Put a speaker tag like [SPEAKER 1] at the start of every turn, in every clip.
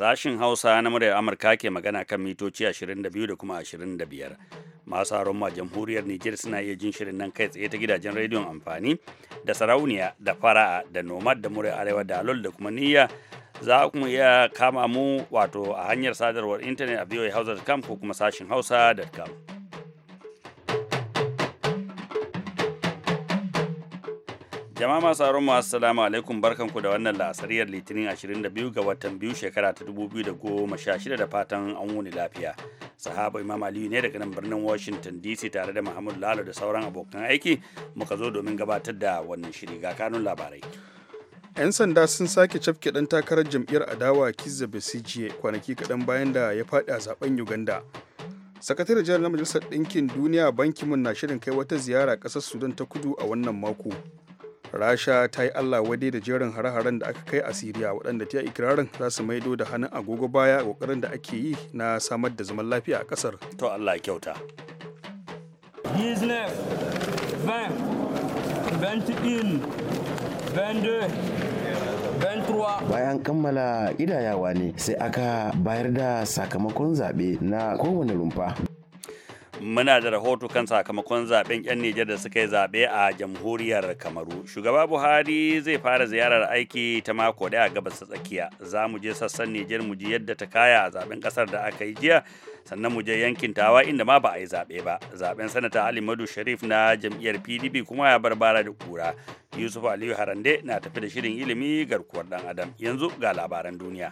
[SPEAKER 1] Sashin Hausa na muryar Amurka ke magana kan mitoci 22 da kuma 25. Masu haron ma jamhuriyar Nijar suna iya jin shirin nan kai tsaye ta gidajen rediyon amfani da sarauniya da fara'a da nomad da muryar arewa da alol da kuma niyya za kuma iya kama mu wato a hanyar sadarwar intanet a voahausa.com ko kuma sashin hausa.com. Jama'a masu aron mu assalamu alaikum barkanku da wannan la'asariyar Litinin 22 ga watan biyu shekara ta 2016 da fatan an wuni lafiya. Sahaba Imam Aliyu ne daga nan birnin Washington DC tare da muhammadu Lalo da sauran abokan aiki muka zo domin gabatar da wannan shiri ga kanun labarai.
[SPEAKER 2] 'Yan sanda sun sake cafke dan takarar jam'iyyar adawa Kizza Besigye kwanaki kaɗan bayan da ya faɗi a zaben Uganda. sakataren jihar na majalisar ɗinkin duniya bankin mun na shirin kai wata ziyara kasar sudan ta kudu a wannan mako rasha ta yi allah wadai da jerin hare-haren da aka kai a siriya waɗanda ta ikirarin za su maido da hannun agogo baya a ƙoƙarin da ake yi na samar da zaman lafiya a ƙasar to allah kyauta
[SPEAKER 3] bayan kammala idayawa ne sai aka bayar da sakamakon zaɓe na kowane rumfa
[SPEAKER 1] muna da rahoto kan sakamakon zaben 'yan Nijar da suka yi zaɓe a jamhuriyar Kamaru. Shugaba Buhari zai fara ziyarar aiki ta mako daya a gabas ta tsakiya. Za mu je sassan Nijar mu ji yadda ta kaya a zaben ƙasar da aka yi jiya, sannan mu je yankin Tawa inda ma ba a yi zaɓe ba. Zaben sanata Ali Madu Sharif na jam'iyyar PDP kuma ya barbara da kura. Yusuf Aliyu Harande na tafi da shirin ilimi garkuwar dan Adam. Yanzu ga labaran duniya.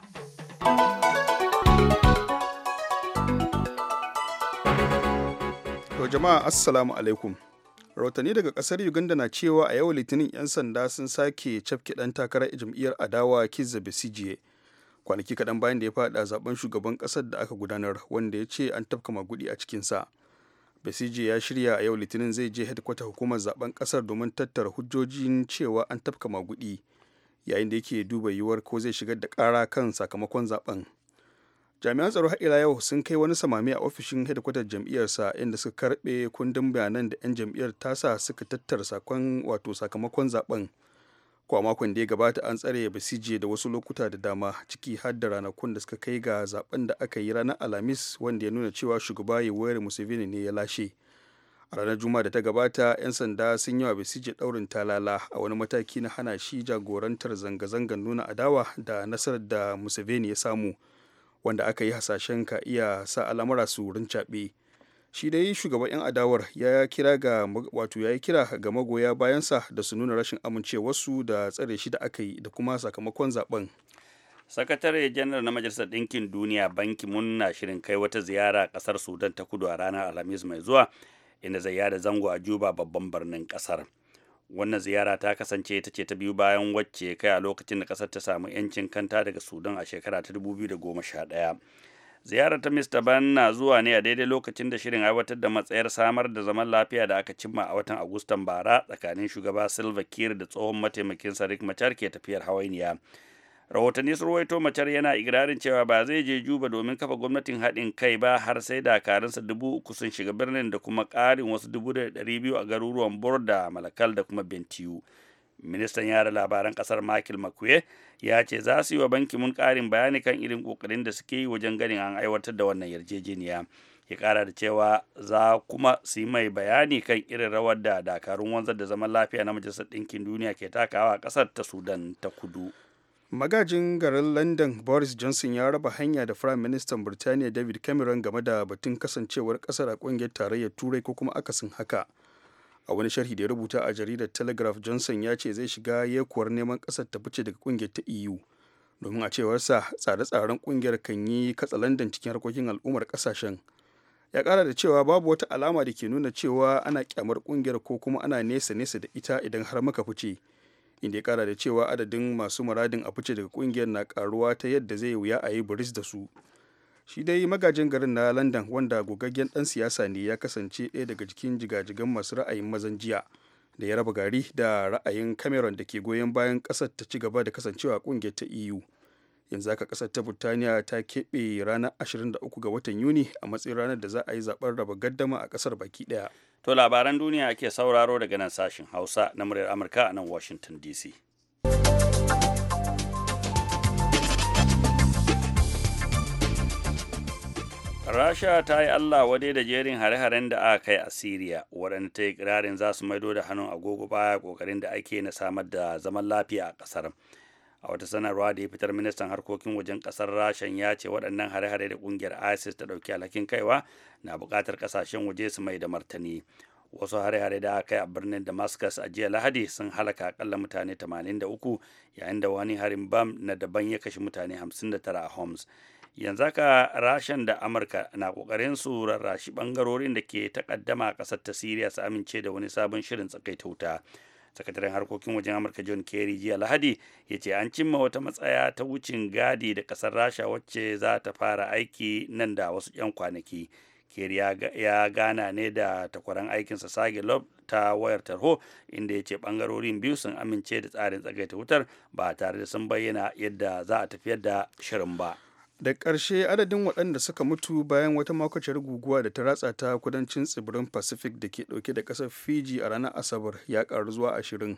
[SPEAKER 2] jama'a assalamu alaikum. rautani daga kasar Uganda na cewa a yau litinin 'yan sanda sun sake cafke dan takarar jam'iyyar adawa Kizza Besigye. Kwanaki kaɗan bayan da ya faɗa zaben shugaban ƙasar da aka gudanar wanda ya ce an tafka magudi a cikinsa. Besigye ya shirya a yau litinin zai je hedkwata hukumar zaben ƙasar domin tattara hujjojin cewa an tafka magudi yayin da yake duba yiwuwar ko zai shigar da kara kan sakamakon zaben. jami'an tsaro har yau sun kai wani samami a ofishin hedikwatar jam'iyyarsa inda suka karɓe kundin bayanan da 'yan jam'iyyar sa suka tattara sakon wato sakamakon zaben kwa makon da ya gabata an tsare basije da wasu lokuta da dama ciki har da ranakun da suka kai ga zaben da aka yi ranar alhamis wanda ya nuna cewa shugaba yoweri museveni ne ya lashe a ranar juma'a da ta gabata 'yan sanda sun yi wa basije daurin talala a wani mataki na hana shi jagorantar zanga-zangar nuna adawa da nasarar da museveni ya samu wanda aka yi hasashen ka iya sa al'amura su wurin caɓe shi dai shugaban 'yan adawar ya kira ga wato ya yi kira ga magoya bayansa da su nuna rashin amincewarsu da tsare shi da aka yi da kuma sakamakon zaben
[SPEAKER 1] sakatare janar na majalisar ɗinkin duniya banki muna shirin kai wata ziyara ƙasar sudan ta kudu a ranar alhamis mai zuwa inda zai yada zango a juba babban birnin ƙasar wannan ziyara ta kasance ita ce ta biyu bayan wacce kai a lokacin da kasar ta samu 'yancin kanta daga sudan a shekara ta 2011 ziyarar ta mista ban na zuwa ne a daidai lokacin da shirin aiwatar da matsayar samar da zaman lafiya da aka cimma a watan agustan bara tsakanin shugaba silva kir da tsohon mataimakin sarik machar ke tafiyar hawainiya rahotanni sun ruwaito macar yana igirarin cewa ba zai je juba domin kafa gwamnatin haɗin kai ba har sai dakarunsa dubu uku sun shiga birnin da kuma ƙarin wasu dubu da ɗari biyu a garuruwan borda malakal da kuma bentiyu ministan yada labaran ƙasar michael makuye ya ce za su yi wa banki mun ƙarin bayani kan irin ƙoƙarin da suke yi wajen ganin an aiwatar da wannan yarjejeniya ya ƙara da cewa za kuma su mai bayani kan irin rawar da dakarun wanzar da zaman lafiya na majalisar ɗinkin duniya ke takawa a ƙasar ta sudan ta kudu
[SPEAKER 2] magajin garin london boris johnson ya raba hanya da firayim ministan birtaniya david cameron game da batun kasancewar kasar a kungiyar tarayyar turai ko kuma akasin haka a wani sharhi da ya rubuta a jaridar telegraph johnson ya ce zai shiga yekuwar neman kasar ta fice daga kungiyar ta eu domin a cewarsa tsare-tsaren kungiyar kan yi katsalandan cikin harkokin al'ummar kasashen ya kara da cewa babu wata alama da ke nuna cewa ana kyamar kungiyar ko kuma ana nesa-nesa da ita idan har muka fice inda ya kara da cewa adadin masu muradin a fice daga kungiyar na karuwa ta yadda zai wuya a yi buris da su shi dai magajin garin na london wanda gogaggen dan siyasa ne ya kasance ɗaya daga cikin jigajigan masu ra'ayin mazan jiya da ya raba gari da ra'ayin cameron da ke goyon bayan kasar ta ci gaba da kasancewa kungiyar ta eu yanzu haka ƙasar ta burtaniya ta keɓe ranar 23 ga watan yuni a matsayin ranar da za a yi zaɓen raba gaddama a ƙasar baki ɗaya
[SPEAKER 1] To labaran duniya ake sauraro daga nan sashen Hausa na muryar Amurka a nan Washington DC. Rasha ta yi Allah wadai da jerin hare-haren da aka kai a Siriya, waɗanda ta yi ƙirarin za su maido da hannun agogo baya ƙoƙarin da ake na samar da zaman lafiya a ƙasar. a wata sanarwa da ya fitar ministan harkokin wajen kasar rashan ya ce waɗannan hare-hare da kungiyar isis ta ɗauki alhakin kaiwa na buƙatar kasashen waje su mai da martani wasu hare-hare da aka yi a birnin damascus a jiya lahadi sun halaka akalla mutane 83 yayin da wani harin bam na daban ya kashe mutane 59 a homs yanzu haka rashan da amurka na kokarin su rarrashi bangarorin da ke takaddama a kasar ta siriya su amince da wani sabon shirin tsakaita wuta sakataren harkokin wajen amurka john kerry jiya lahadi ya ce an cimma wata matsaya ta wucin gadi da kasar rasha wacce za ta fara aiki nan da wasu 'yan kwanaki kerry ya gana ne da takwaran aikinsa sage lob ta wayar tarho inda ya ce bangarorin biyu sun amince da tsarin tsagaita wutar ba tare da sun bayyana yadda za a tafiyar da shirin ba
[SPEAKER 2] da ƙarshe adadin waɗanda suka mutu bayan wata makwaciyar guguwa da ta ratsa ta kudancin tsibirin pacific da ke ɗauke da ƙasar fiji a ranar asabar ya ƙaru zuwa ashirin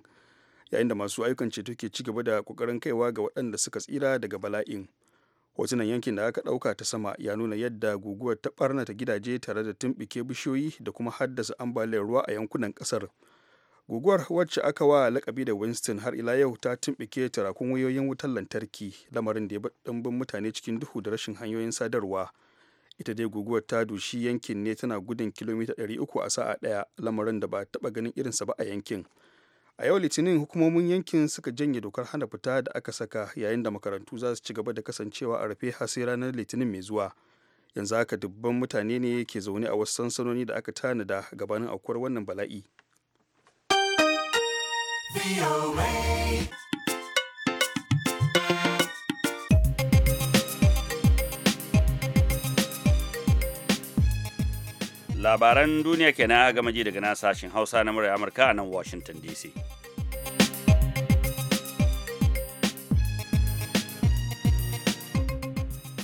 [SPEAKER 2] yayin da masu ayyukan ceto ke ci gaba da ƙoƙarin kaiwa ga waɗanda suka tsira daga bala'in hotunan yankin da aka ɗauka ta sama ya nuna yadda guguwar ta ɓarnata gidaje tare da tumɓuke bishiyoyi da kuma haddasa ambaliyar ruwa a yankunan ƙasar guguwar wacce aka wa lakabi da winston har ila yau ta tumbike tarakun wayoyin wutar lantarki lamarin da ya ɗimbin mutane cikin duhu da rashin hanyoyin sadarwa ita dai guguwar ta dushi yankin ne tana gudun kilomita 300 a sa'a daya lamarin da ba taba ganin irinsa ba a yankin a yau litinin hukumomin yankin suka janye dokar hana fita da aka saka yayin da makarantu za su ci gaba da kasancewa a rufe har sai ranar litinin mai zuwa yanzu haka dubban mutane ne ke zaune a wasu sansanoni da aka tanada gabanin aukuwar wannan bala'i
[SPEAKER 1] Labaran duniya kenan gama ji daga nasashen Hausa na murya Amurka a nan Washington DC.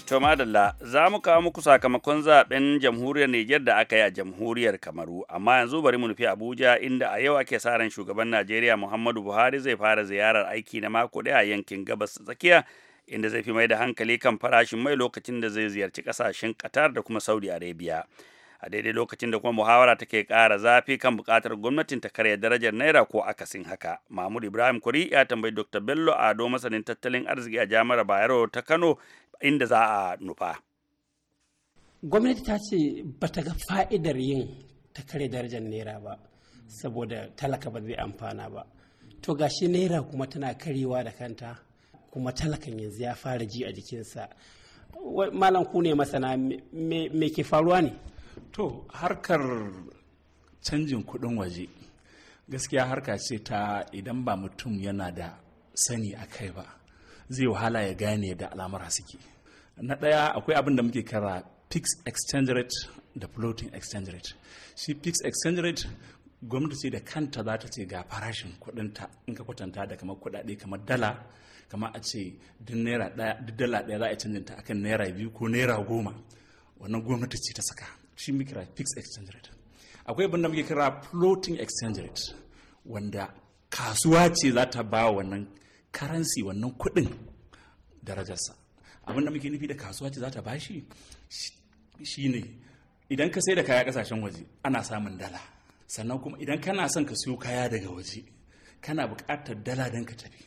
[SPEAKER 1] To madalla za mu kawo muku sakamakon zaben jamhuriyar Nijar da aka yi a jamhuriyar Kamaru amma yanzu bari mu nufi Abuja inda a yau ake sa ran shugaban Najeriya Muhammadu Buhari zai fara ziyarar aiki na mako ɗaya a yankin gabas tsakiya inda zai fi mai da hankali kan farashin mai lokacin da zai ziyarci kasashen Qatar da kuma Saudi Arabia. A daidai lokacin da kuma muhawara take ƙara zafi kan buƙatar gwamnatin ta karya darajar naira ko akasin haka. Mahmud Ibrahim Kuri ya tambayi Dr. Bello Ado masanin tattalin arziki a jami'ar Bayero ta Kano inda za a nufa
[SPEAKER 4] gwamnati ta
[SPEAKER 5] ce ba ta ga fa'idar yin ta kare darajar naira ba saboda talaka ba zai amfana ba to gashi naira kuma tana karewa da kanta kuma talakan yanzu ya fara ji a jikinsa malam ku ne masana me ke faruwa ne to harkar canjin kuɗin waje gaskiya harka ce ta idan ba mutum yana da sani a kai ba zai wahala ya gane da alamar suke na ɗaya akwai abin da muke kara pix exchange rate da floating exchange rate shi pix exchange rate gwamnati ce da kanta za ta ce ga farashin kudinta in ka kwatanta da kamar kudade kamar dala kamar a ce duk naira duk dala daya za a canjin ta akan naira biyu ko naira goma wannan gwamnati ce ta saka shi muke kira fix exchange rate akwai abin da muke kira floating exchange rate wanda kasuwa ce za ta ba wannan karansi wannan kuɗin darajarsa abin da muke nufi da kasuwa ce za ta bashi Shi ne. idan ka sai da kaya kasashen waje ana samun dala sannan kuma idan kana son ka siyo kaya daga waje kana buƙatar dala don ka tafi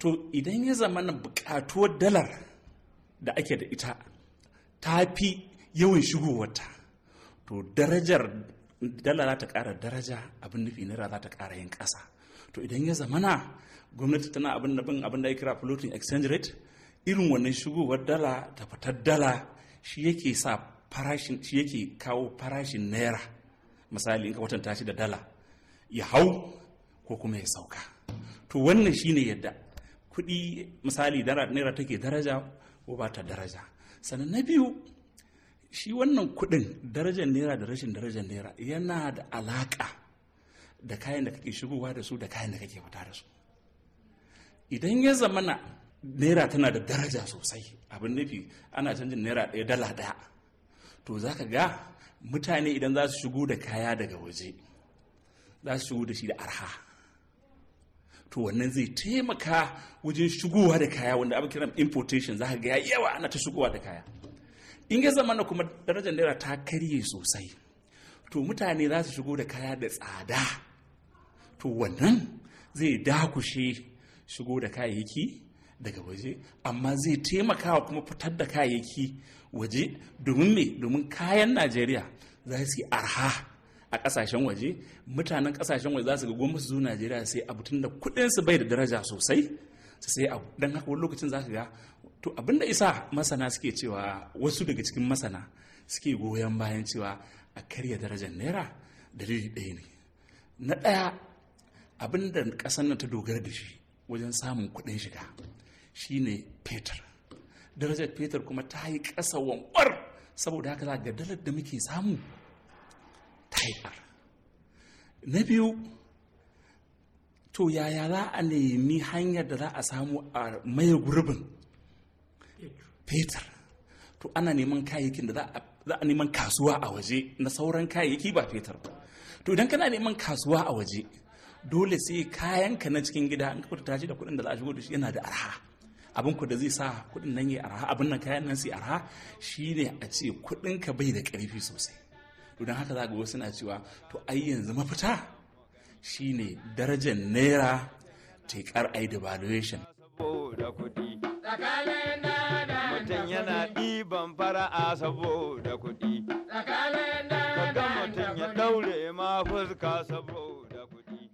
[SPEAKER 5] to idan ya zama na buƙatuwar dalar da ake da ita ta fi yawan shigowarta to darajar dala za ta ƙara daraja abin nufi naira za ta ƙara yin ƙasa to idan ya zamana gwamnati tana abin da abin da kira floating exchange rate irin wannan shigowar dala da fitar dala shi yake sa farashin shi yake kawo farashin naira misali in ka kwatanta shi da dala ya hau ko kuma ya sauka to wannan shine yadda kuɗi misali naira take daraja ko ba ta daraja sannan na biyu shi wannan kuɗin darajar naira da rashin darajar naira yana da alaƙa da kayan da kake shigowa da su da kayan da kake fita da su idan ya zamana naira tana da daraja sosai abin nufi ana canjin naira ɗaya dala ɗaya to za ka ga mutane idan za su shigo da kaya daga waje za su shigo da shi da arha to wannan zai taimaka wajen shigowa da kaya wanda abin kiran importation za ka ga yawa ana ta shigowa da kaya in ya zamana kuma darajar naira ta karye sosai to mutane za su shigo da kaya da tsada to wannan zai dakushe shigo da kayayyaki daga waje amma zai taimaka kuma fitar da kayayyaki waje domin me domin kayan najeriya za su yi arha a kasashen waje mutanen kasashen waje za su ga gwamnati zuwa najeriya sai abu tun da kudin su bai da daraja sosai su sai abu don haka wani lokacin za ka ga to abinda isa masana suke cewa wasu daga cikin masana suke goyon bayan cewa a karya darajar naira dalili ɗaya ne na ɗaya abin da ƙasar nan ta dogara da shi wajen samun kuɗin shiga shine fetur darajar fetur kuma ta yi ƙasa wambar saboda haka za ga dalar da muke samu ta yi na biyu to yaya za a nemi hanyar da za a samu a maye gurbin fetur to ana neman kayayyakin da za a neman kasuwa a waje na sauran kayayyaki ba fetur ba to idan kana neman kasuwa a waje dole sai kayan ka na cikin gida in kafa ta da kuɗin da za a shigo da shi yana da arha abin ku da zai sa kuɗin nan ya arha abin nan kayan nan sai arha shine a ce kuɗin ka bai da ƙarfi sosai don haka za ga wasu na cewa to ai yanzu mafita shine darajar naira tekar ai devaluation
[SPEAKER 6] mutum yana
[SPEAKER 5] ɗiban fara'a saboda mutum
[SPEAKER 6] ya ɗaure ma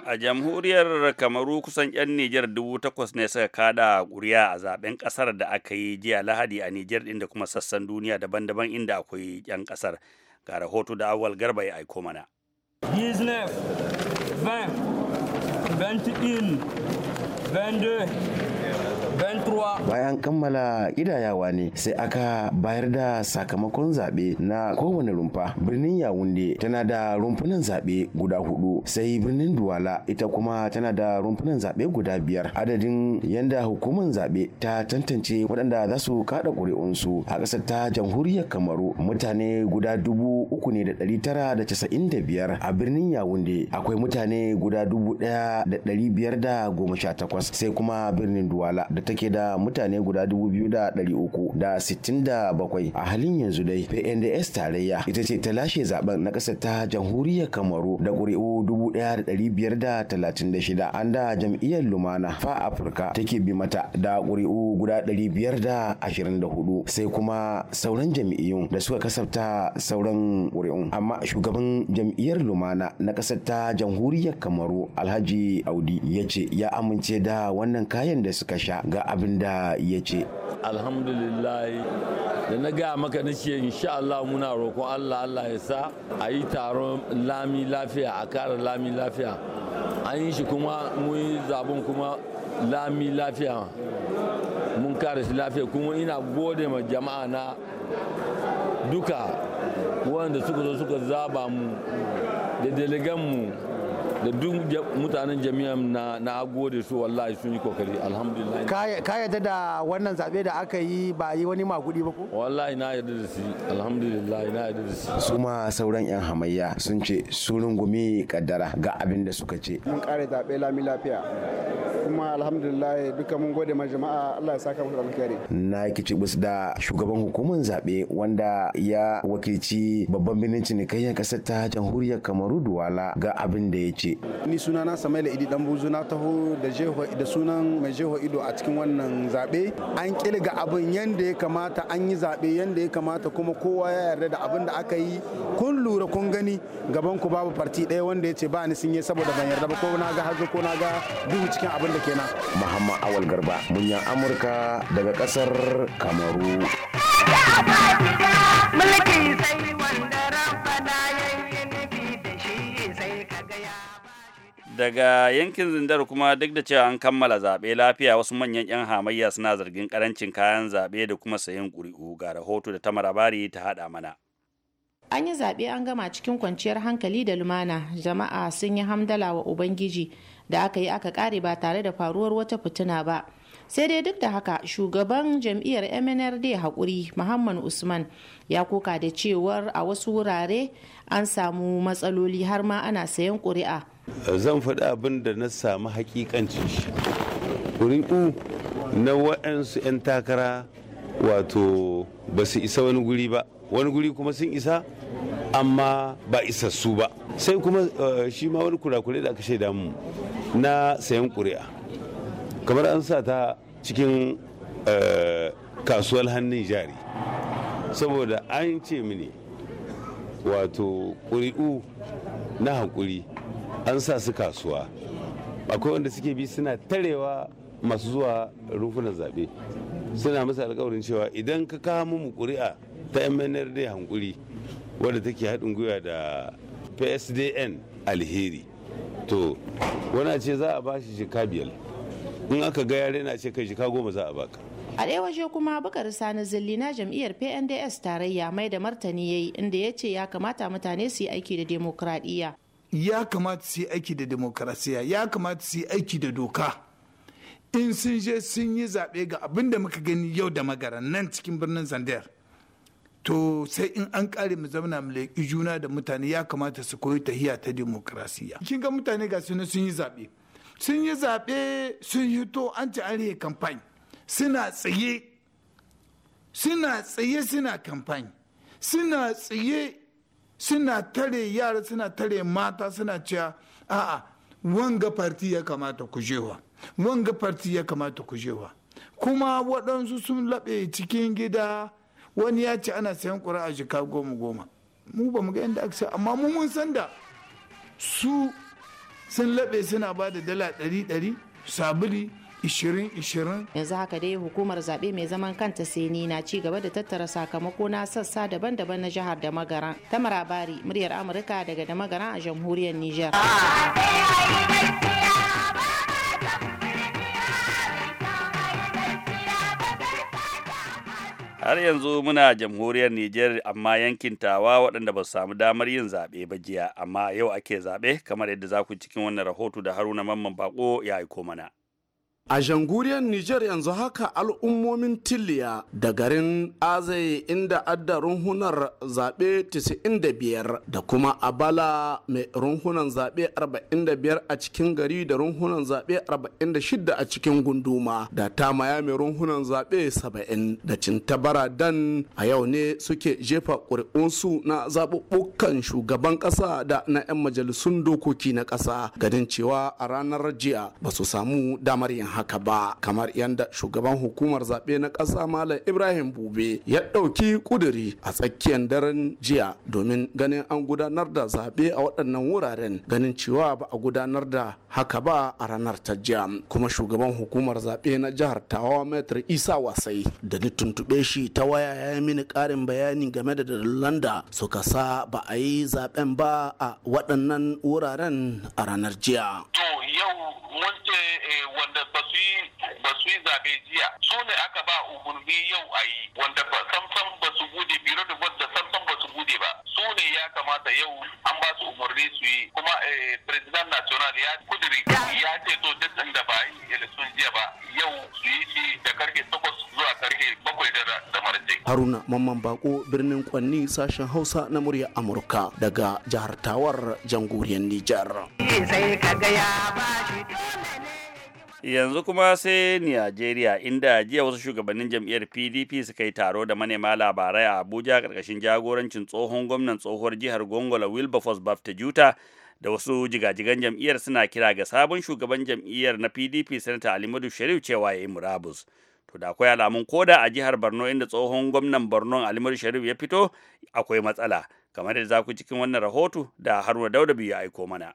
[SPEAKER 1] A jamhuriyar Kamaru kusan 'yan Nijar dubu takwas ne suka kada ƙuri'a a zaben ƙasar da aka yi jiya Lahadi a Nijar inda kuma sassan duniya daban-daban inda akwai 'yan ƙasar. Ga rahoto da awal garba ya aiko mana.
[SPEAKER 4] 19,
[SPEAKER 5] 20,
[SPEAKER 3] Bayan kammala ƙidayawa ne sai aka bayar da sakamakon zaɓe na kowane rumfa. Birnin Yawunde tana da rumfunan zaɓe guda hudu sai birnin Duwala ita kuma tana da rumfunan zaɓe guda biyar. Adadin yanda hukumar zaɓe ta tantance waɗanda za su kaɗa ƙuri'unsu a ƙasar ta jamhuriyar Kamaru mutane guda dubu uku ne da ɗari tara da casa'in da biyar a birnin Yawunde akwai mutane guda dubu ɗaya da ɗari biyar da goma sha takwas sai kuma birnin Duwala da take da mutane guda 2,367 a halin yanzu dai pnds tarayya ita ce ta lashe zaben na ƙasar ta jamhuriyar kamaru da ƙuri'u 1,536 an da jam'iyyar lumana fa afirka take bi mata da ƙuri'u guda 524 sai kuma sauran jam'iyyun da suka kasafta sauran ƙuri'un amma shugaban jam'iyyar lumana na ƙasar ta jamhuriyar kamaru alhaji audi ya ce ya amince da wannan kayan da suka sha ga abin da ya ce
[SPEAKER 7] alhamdulillah da na gaya maka na ce insha Allah muna roƙon Allah Allah ya sa a yi taron lami lafiya a kara lami lafiya an yi shi kuma mun yi zabon kuma lami lafiya mun kare shi lafiya kuma ina gode ma jama'a na duka wanda suka zo suka zaba mu da daligan mu da duk mutanen jami'a na na gode su wallahi sun yi kokari alhamdulillah
[SPEAKER 3] ka yadda da wannan zabe da aka yi ba yi wani magudi ba ko wallahi na yadda da shi
[SPEAKER 6] alhamdulillah na yadda da shi
[SPEAKER 3] su ma sauran yan hamayya sun ce su rungumi kaddara ga abin da suka ce mun kare zabe lami lafiya kuma alhamdulillah duka mun gode ma jama'a Allah ya saka musu alkhairi na kici da shugaban hukumar zabe wanda ya wakilci babban birnin cinikayyar kasar ta jamhuriyar Kamaru Duwala ga abin da ya ce ni sunana Samaila Idi dan buzu na taho da jeho da sunan mai jeho ido a cikin wannan zabe an kilga abin yanda ya kamata an yi zabe yanda ya kamata kuma kowa ya yarda da abin da aka yi kun lura kun gani gaban ku babu farti ɗaya wanda ya ce ba ni sun yi saboda ban yarda ba ko na ga hazo ko na ga duhu cikin abin da kenan. Muhammad Awal Garba, munyan Amurka daga kasar
[SPEAKER 1] Kamaru. daga yankin zindar kuma duk da cewa an kammala zaɓe lafiya wasu manyan 'yan hamayya suna zargin karancin kayan zaɓe da kuma sayan ƙuri'u ga rahoto da tamara bari ta haɗa mana
[SPEAKER 8] an yi zaɓe an gama cikin kwanciyar hankali da lumana jama'a sun yi hamdala wa ubangiji da aka yi aka kare ba tare da faruwar wata fitina ba sai dai duk da haka shugaban jam'iyyar mnrd haƙuri muhammad usman ya koka da cewar a wasu wurare an samu matsaloli har ma ana sayan ƙuri'a
[SPEAKER 6] zan faɗi abin da na samu hakikanci shi ƙuri'u na waɗansu 'yan takara wato ba su isa wani guri ba wani guri kuma sun isa amma ba isassu ba sai kuma eh, shi ma wani kurakure da aka shaida mu na sayan kuri'a kamar an sa ta cikin eh, kasuwar hannun jari saboda an ce mini wato ƙuri'u na hakuri an sa su kasuwa akwai wanda suke bi suna tarewa masu zuwa rufunan zabe suna masa alkawarin cewa idan ka kawo mu kuri'a ta mnrd hankuri wadda take haɗin gwiwa da psdn alheri to wana ce za a bashi jika biyar in aka ga yare na ce kai jika goma za a baka
[SPEAKER 8] a ɗaya waje kuma bakar sani zilli na jam'iyyar pnds tarayya mai da martani ya yi inda ya ce ya kamata mutane su yi aiki da demokradiyya
[SPEAKER 9] ya kamata su yi aiki da demokrasiya ya kamata su yi aiki da doka in sun je sun yi zaɓe ga abin da muka gani yau da magara nan cikin birnin zandar to sai in an kare mu zauna mu leƙi juna da mutane ya kamata su koyi tahiya ta demokrasiya kin ga mutane ga suna sun yi zaɓe sun yi zaɓe sun yi to an ci an rage kamfani suna tsaye suna tsaye suna kamfani suna tsaye suna tare yara suna tare mata suna cewa a'a wanga farti ya kamata ku jewa wanga farti ya kamata ku jewa kuma waɗansu sun laɓe cikin gida wani ya ce ana sayan ƙura'a jika goma goma mu ba mu ga yadda aka amma mu mun san da su sun laɓe suna ba da dala ɗari ɗari sabili ishirin ishirin
[SPEAKER 8] yanzu haka dai hukumar zaɓe mai zaman kanta seni na ci gaba da tattara sakamako na sassa daban-daban na jihar da magaran ta bari muryar amurka daga da magaran a jamhuriyar niger
[SPEAKER 1] har yanzu muna jamhuriyar Nijar amma yankin tawa waɗanda ba su samu damar yin zaɓe ba jiya amma yau ake zaɓe kamar yadda za ku cikin wannan rahoto da haruna mamman bako ya aiko mana.
[SPEAKER 10] A janguriyar Nijar yanzu haka al'ummomin Tiliya da garin Azai inda adda runhunar zaɓe 95 da kuma Abala mai runhunan zaɓe 45 a cikin gari da runhunan zaɓe 46 a cikin gunduma da Tamaya mai runhunan zaɓe 70 da Cintabara Dan a yau ne suke jefa ƙuri'unsu na zaɓuɓɓukan shugaban ƙasa da na 'yan majalisun dokoki na ƙasa ganin cewa a ranar jiya ba su samu damar yin haka ba kamar yadda shugaban hukumar zaɓe na ƙasa malam ibrahim bube ya ɗauki ƙuduri a tsakiyar daren jiya domin ganin an gudanar da zaɓe a waɗannan wuraren ganin cewa ba a gudanar da haka ba a ranar ta jiya kuma shugaban hukumar zaɓe na jihar tawa metr isa wasai da ni tuntuɓe shi ta waya ya mini ƙarin bayani game da dalilan da suka sa ba a yi zaɓen ba a waɗannan wuraren a ranar jiya.
[SPEAKER 9] To
[SPEAKER 6] yau eh, ba su yi zaɓe jiya su ne aka ba umarni yau a yi wanda samsam ba su bude biro da wanda samsam ba su bude ba su ne ya kamata yau an ba su umarni su yi kuma eh, president national ya kudiri
[SPEAKER 11] ya ce to duk da ba yi election jiya ba yau su yi shi da karfe takwas zuwa karfe bakwai
[SPEAKER 10] da marje. haruna mamman bako birnin kwanni sashen hausa na murya amurka daga jihar tawar jamhuriyar nijar.
[SPEAKER 11] sai ka ga ya ba shi
[SPEAKER 1] yanzu kuma sai Nijeriya inda jiya wasu shugabannin jam'iyyar PDP suka yi taro da manema labarai a Abuja karkashin jagorancin tsohon gwamnan tsohuwar jihar Gongola Wilberforce Bafta Juta da wasu jigajigan jam'iyyar suna kira ga sabon shugaban jam'iyyar na PDP Sanata Alimadu Sharif cewa ya yi murabus. To da akwai alamun koda a jihar Borno inda tsohon gwamnan Borno madu Sharif ya fito akwai matsala. Kamar da za ku cikin wannan rahoto da Haruna Dauda biyu ya aiko mana.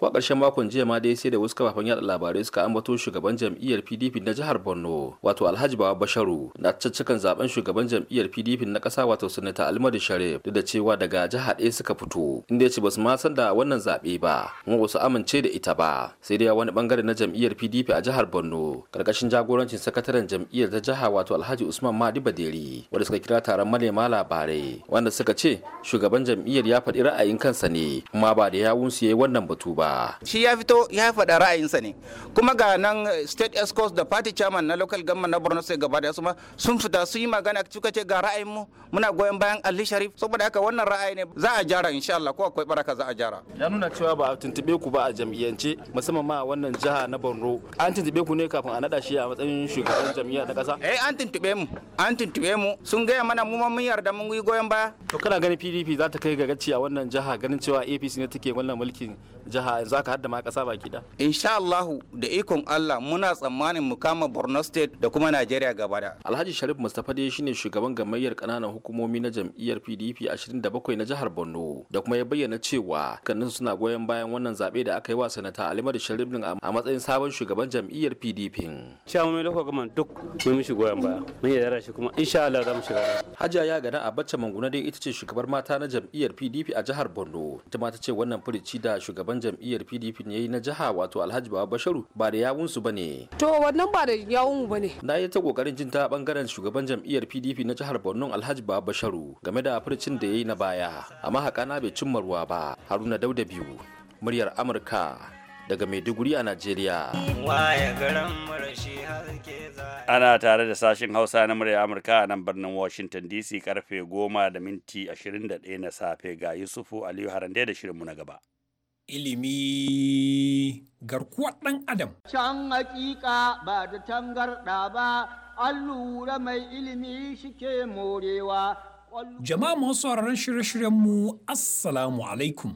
[SPEAKER 7] ko a ƙarshen makon jiya ma dai sai da wasu kafafen yada labarai suka ambato shugaban jam'iyyar pdp na jihar borno wato alhaji bawa basharu na caccakan zaben shugaban jam'iyyar pdp na ƙasa wato sanata almadi sharif duk da cewa daga jihar ɗaya suka fito inda ya ce basu ma san da wannan zaɓe ba kuma ba su amince da ita ba sai dai wani bangare na jam'iyyar pdp a jihar borno karkashin jagorancin sakataren jam'iyyar ta jiha wato alhaji usman madi baderi wanda suka kira taron manema labarai wanda suka ce shugaban jam'iyyar ya faɗi ra'ayin kansa ne kuma ba da yawunsu ya yi wannan batu ba shi ya fito ya faɗa ra'ayinsa ne kuma ga nan eh, state escorts da party chairman na local government na borno sai gaba da su ma sun fita sun yi magana suka ce ga ra'ayin mu muna goyon bayan ali sharif saboda haka wannan ra'ayi ne za a jara insha Allah ko akwai baraka za a jara ya nuna cewa ba a tuntube ku ba a jam'iyyance musamman ma wannan jiha na borno an tuntube ku ne kafin a nada shi a matsayin shugaban jam'iyya na kasa eh an tuntube mu an tuntube mu sun gaya mana mu ma mun yarda mun yi goyon baya to kana ganin PDP za ta kai ga gaci a wannan jiha ganin cewa APC ne take wannan mulkin jiha yanzu aka hadda ma kasa baki da insha Allah da ikon Allah muna tsammanin mu kama Borno State da kuma Najeriya gaba da Alhaji Sharif Mustafa dai shine shugaban gamayyar kananan hukumomi na jam'iyyar PDP 27 na jihar Borno da kuma ya bayyana cewa kanin suna goyon bayan wannan zabe da aka yi wa sanata Alimadu Sharif din a matsayin sabon shugaban jam'iyyar PDP shawamin lokacin gaman duk mun mishi goyon baya mun yarda shi kuma insha Allah za mu shiga Hajiya ya gana bacce Manguna dai ita ce shugabar mata na jam'iyyar PDP a jihar Borno ita ma ta ce wannan furici da shugaban jam'iyyar pdp ne na jiha wato alhaji baba basharu ba da yawunsu ba ne to wannan ba da yawun ba ne na yi ta kokarin jin ta bangaren shugaban jam'iyyar pdp na jihar borno alhaji baba basharu game da furcin da ya yi na baya amma na bai cimma ruwa ba haruna dauda biyu muryar amurka daga Maiduguri a
[SPEAKER 1] Najeriya. Ana tare da sashen Hausa na murya Amurka a nan birnin Washington DC karfe goma da minti 21 na safe ga Yusufu Aliyu Harande da shirinmu na gaba.
[SPEAKER 4] ilimi garkuwar ɗan adam.
[SPEAKER 11] Can hakika ba da tangarɗa ba, an lura mai
[SPEAKER 2] ilimi shike morewa.
[SPEAKER 4] Jama'a masu sauraron shirye-shiryenmu, Assalamu alaikum.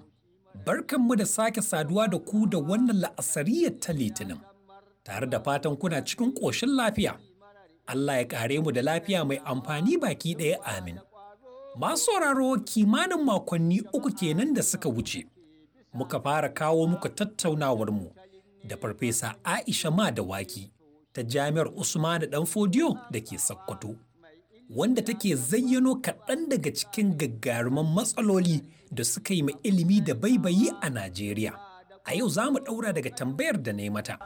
[SPEAKER 4] Barkanmu da sake saduwa da ku da wannan la'asariyar ta litinin, tare da fatan kuna cikin ƙoshin lafiya. Allah ya ƙare mu da lafiya mai amfani baki ɗaya amin. Masu sauraro kimanin makonni uku kenan da suka wuce. muka fara kawo muka tattaunawar mu da farfesa Aisha ma da waki ta jami'ar Usmanu Dan Fodiyo da ke Sokoto, wanda take zayyano kaɗan daga cikin gaggaruman matsaloli da suka yi ma ilimi da baibayi a Najeriya. A yau za mu ɗaura daga tambayar da na mata.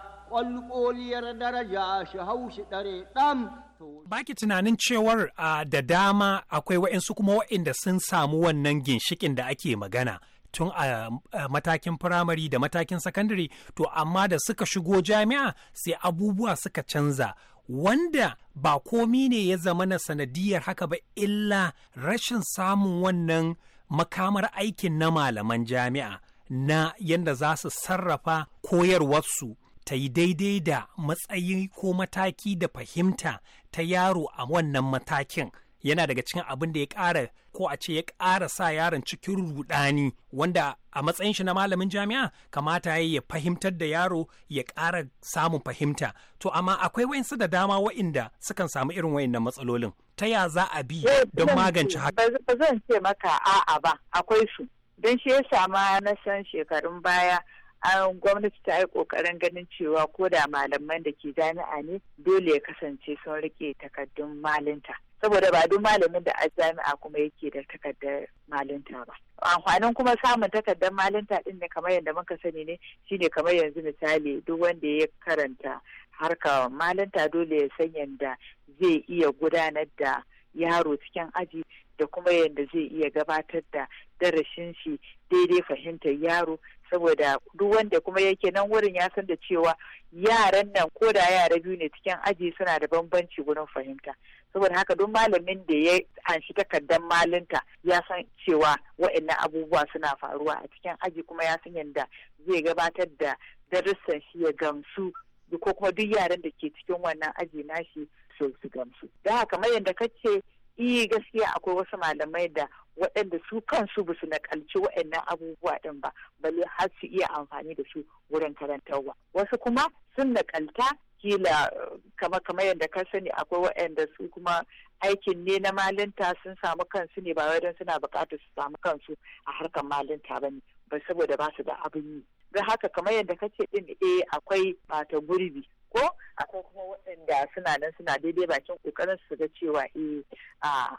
[SPEAKER 4] Baki tunanin cewar da dama akwai wa'insu kuma wa'inda sun samu wannan ginshikin da ake magana. tun a matakin firamare da matakin sakandare to amma da suka shigo jami'a sai abubuwa suka canza wanda ba komi ne ya zama na sanadiyar haka ba illa rashin samun wannan makamar aikin na malaman jami'a na yadda za su sarrafa koyarwarsu ta yi daidai da matsayi ko mataki da fahimta ta yaro a wannan matakin yana daga cikin abin da ya ƙara ko a ce ya ƙara sa yaron cikin rudani wanda a matsayin shi na malamin jami'a kamata ya ya fahimtar da yaro ya ƙara samun fahimta to amma akwai wayansu da dama wa'inda sukan samu irin wayannan matsalolin
[SPEAKER 11] ta ya za a bi eh, don magance haka ba zan ce maka a'a ba akwai su don shi ya sama na san shekarun baya an gwamnati ta yi kokarin ganin cewa ko da malaman da ke jami'a ne dole ya kasance sun rike takardun malinta saboda ba duk malamin da a jami'a kuma yake da takardar malinta ba amfanin kuma samun takardar malinta din ne kamar yadda muka sani ne shine kamar yanzu misali duk wanda ya karanta harka malinta dole ya san yadda zai iya gudanar da yaro cikin aji da kuma yadda zai iya gabatar da darasin shi daidai fahimtar yaro saboda duk wanda kuma yake nan wurin ya san da cewa yaran nan ko da yara biyu ne cikin aji suna da bambanci wurin fahimta saboda haka don malamin da ya anshi takardar malinta ya san cewa wa'annan abubuwa suna faruwa a cikin aji kuma ya san yadda zai gabatar da darussan shi ya gamsu ko kuma duk yaran da ke cikin wannan aji nashi so su gamsu da haka kamar yadda kace iya eh gaskiya akwai wasu malamai da waɗanda su kansu ba su nakalci waɗannan abubuwa ɗin ba balle har su iya amfani da su wurin karantarwa wasu kuma sun nakalta kila kama kama yadda ka sani akwai waɗanda su kuma aikin ne na malinta sun samu kansu ne ba wajen suna buƙatar su samu kansu a harkar malinta ba ne ba saboda ba su da abin yi don haka kamar yadda ka ce din eh akwai bata gurbi ko akwai kuma waɗanda suna nan suna daidai bakin ƙoƙarin su ga cewa eh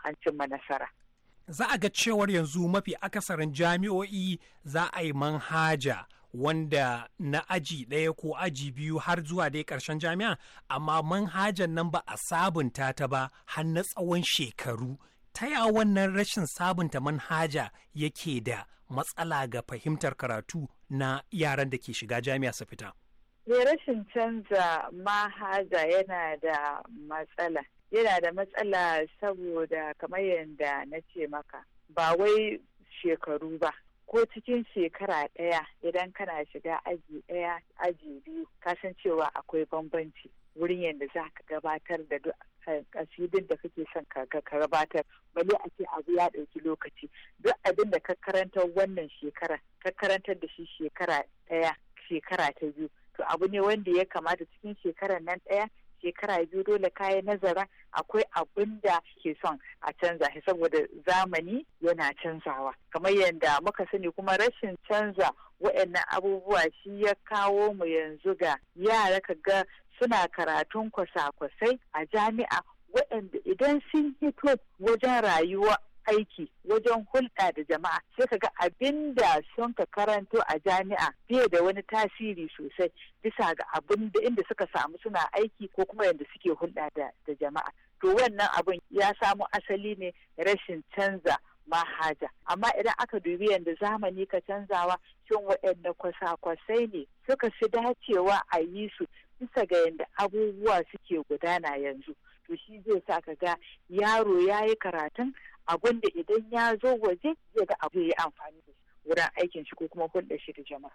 [SPEAKER 11] an cimma nasara
[SPEAKER 4] za a ga cewar yanzu mafi akasarin jami'o'i za a yi manhaja wanda na aji ɗaya ko aji biyu har zuwa dai ƙarshen jami'a amma manhajan nan ba a sabunta ta ba har na tsawon shekaru ta ya wannan rashin sabunta manhaja yake da matsala ga fahimtar karatu na yaran da ke shiga jami'a su fita
[SPEAKER 11] eh, rashin canza manhaja yana da matsala yana da matsala saboda kamar yadda na ce maka ba wai shekaru ba ko cikin shekara ɗaya idan kana shiga aji ɗaya aji biyu kasan cewa akwai bambanci wurin yadda za ka gabatar da kasidin eh, da kake son ka gabatar bale a ce abu ya ɗauki lokaci duk abin da ka karanta wannan shekara ka karantar da shi shekara ɗaya shekara ta biyu to abu ne wanda ya kamata cikin shekarar nan ɗaya shekara biyu dole kayan nazarin akwai abin da ke son a canza shi saboda zamani yana canzawa kamar yadda muka sani kuma rashin canza waɗannan abubuwa shi ya kawo mu yanzu ga yara ka ga suna karatun kwasa-kwasai a jami'a waɗanda idan sun hito wajen rayuwa aiki wajen hulɗa da jama'a sai ka ga abin da sun ka karanto a jami'a fiye da wani tasiri sosai bisa ga abin da inda suka samu suna aiki ko kuma yadda suke hulɗa da jama'a to wannan abin ya samu asali ne rashin canza mahaja amma idan aka dubi yadda zamani ka canzawa shin waɗanda kwasa-kwasai ne suka fi dacewa a yi su bisa ga yadda abubuwa suke gudana yanzu to shi zai sa ka ga yaro ya yi karatun abun da idan ya zo waje zai ga abu ya amfani da wurin aikin shi ko kuma hulɗa shi da jama'a.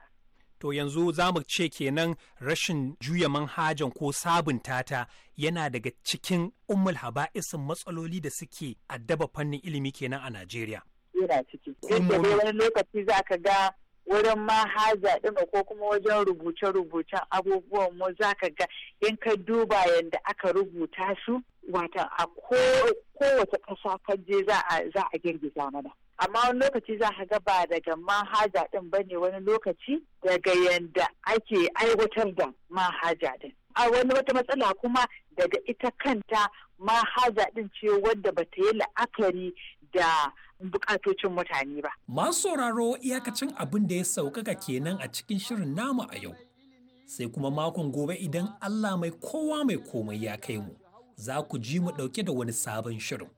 [SPEAKER 4] To yanzu za mu ce kenan rashin juya manhajan ko sabunta ta yana daga cikin ummul haba'isin matsaloli da suke addaba fannin ilimi kenan a Najeriya.
[SPEAKER 11] Yana ciki. Duk da wani lokaci za ka ga wurin mahaja ɗin ko kuma wajen rubuce-rubucen abubuwan mu za ka ga in ka duba yadda aka rubuta su wata a kowace ƙasa kaje za a girgiza mana amma wani lokaci za a ga ba daga manhaja din ba ne wani lokaci daga yadda ake aiwatar da manhaja din a wani wata matsala kuma daga ita kanta manhaja din ce wadda ba ta yi la'akari da bukatocin mutane ba. Masu
[SPEAKER 4] sauraro iyakacin abin da ya sauƙaƙa kenan a cikin shirin nama a yau. Sai kuma makon gobe idan Allah mai kowa mai komai ya kai mu. za ku ji mu ɗauke da wani sabon shirin.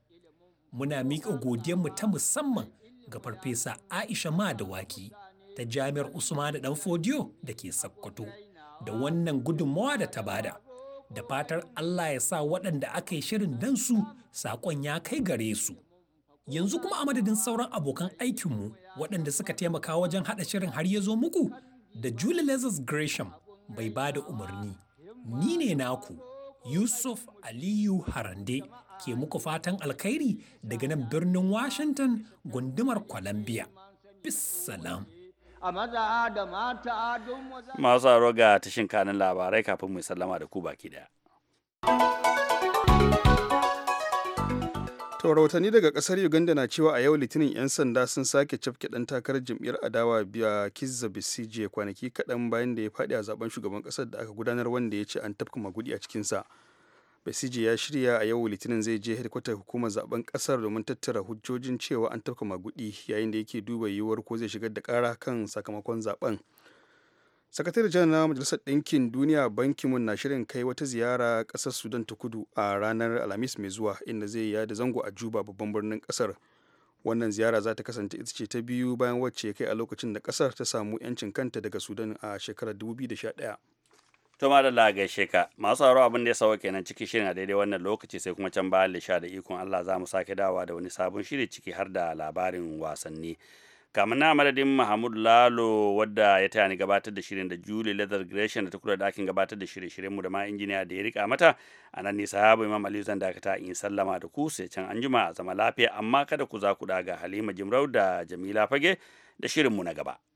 [SPEAKER 4] Muna miƙa godiyanmu ta musamman ga Farfesa Aisha ma da Madawaki ta Jami'ar Usman Usmanu Danfodiyo da ke Sokoto da wannan gudunmawa da ta bada. Da fatar Allah ya sa waɗanda aka yi shirin don su saƙon ya kai gare su. Yanzu kuma a madadin sauran abokan aikinmu waɗanda suka taimaka wajen haɗa shirin har ya zo muku da Julie Lazarus Gresham bai ba da umarni. Ni ne naku. Yusuf Aliyu Harande ke muku fatan alkhairi daga nan birnin Washington gundumar Columbia. Bissalam.
[SPEAKER 1] Masu aro ga tashin kanin labarai kafin mu sallama da ku baki daya.
[SPEAKER 2] to daga kasar uganda na cewa a yau litinin 'yan sanda sun sake cafke dan takarar jam'iyyar adawa biya kizza besije kwanaki kaɗan bayan da ya faɗi a zaben shugaban ƙasar da aka gudanar wanda ya ce an tafka magudi a cikinsa besije ya shirya a yau litinin zai je hedkwatar hukumar zaben kasar domin tattara hujjojin cewa an tafka magudi yayin da yake duba yiwuwar ko zai shigar da ƙara kan sakamakon zaben sakatare janar na majalisar ɗinkin duniya bankin mun na shirin kai wata ziyara ƙasar sudan ta kudu a ranar alhamis mai zuwa inda zai yi da zango a juba babban birnin ƙasar wannan ziyara za ta kasance ita ce ta biyu bayan wacce ya kai a lokacin da ƙasar ta samu 'yancin kanta daga sudan a shekarar 2011
[SPEAKER 1] to ma da sheka masu sauraro abin da ya sawa kenan ciki shirin a daidai wannan lokaci sai kuma can bayan lisha da ikon Allah za mu sake dawa da wani sabon shiri ciki har da labarin wasanni kamar na madadin Mahmud Lalo wadda ya taya ni gabatar da shirin da Julie Leather Gresham da ta kula da ɗakin gabatar da shirye-shiryen mu da ma injiniya da ya rika mata a nan nisa ya Imam Aliyu zan dakata in sallama da ku sai can anjima a zama lafiya amma kada ku za ku daga Halima Jimrau da Jamila Fage da shirin mu na gaba.